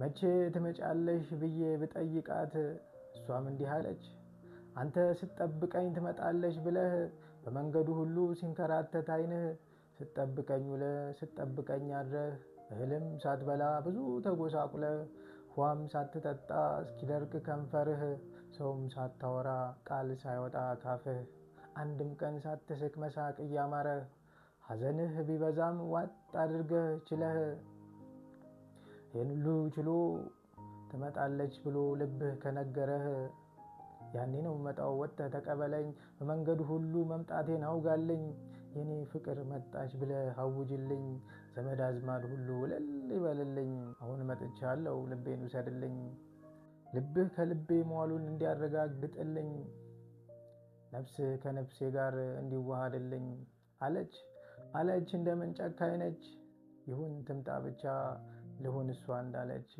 መቼ ትመጫለሽ ብዬ ብጠይቃት እሷም እንዲህ አለች፣ አንተ ስትጠብቀኝ ትመጣለሽ ብለህ በመንገዱ ሁሉ ሲንከራተት አይንህ ስትጠብቀኝ ውለህ ስትጠብቀኝ አድረህ እህልም ሳትበላ ብዙ ተጎሳቁለህ ውሃም ሳትጠጣ እስኪደርቅ ከንፈርህ ሰውም ሳታወራ ቃል ሳይወጣ ካፍህ አንድም ቀን ሳትስቅ መሳቅ እያማረህ ሐዘንህ ቢበዛም ዋጥ አድርገህ ችለህ ይህን ሁሉ ችሎ ትመጣለች ብሎ ልብህ ከነገረህ ያኔ ነው መጣው። ወጥተህ ተቀበለኝ፣ በመንገዱ ሁሉ መምጣቴን አውጋለኝ፣ የኔ ፍቅር መጣች ብለ አውጅልኝ፣ ዘመድ አዝማድ ሁሉ እልል ይበልልኝ። አሁን መጥቻለሁ፣ ልቤን ውሰድልኝ፣ ልብህ ከልቤ መዋሉን እንዲያረጋግጥልኝ፣ ነፍስህ ከነፍሴ ጋር እንዲዋሃድልኝ አለች አለች እንደምን ጨካኝ ነች! ይሁን ትምጣ ብቻ ልሁን እሷ እንዳለች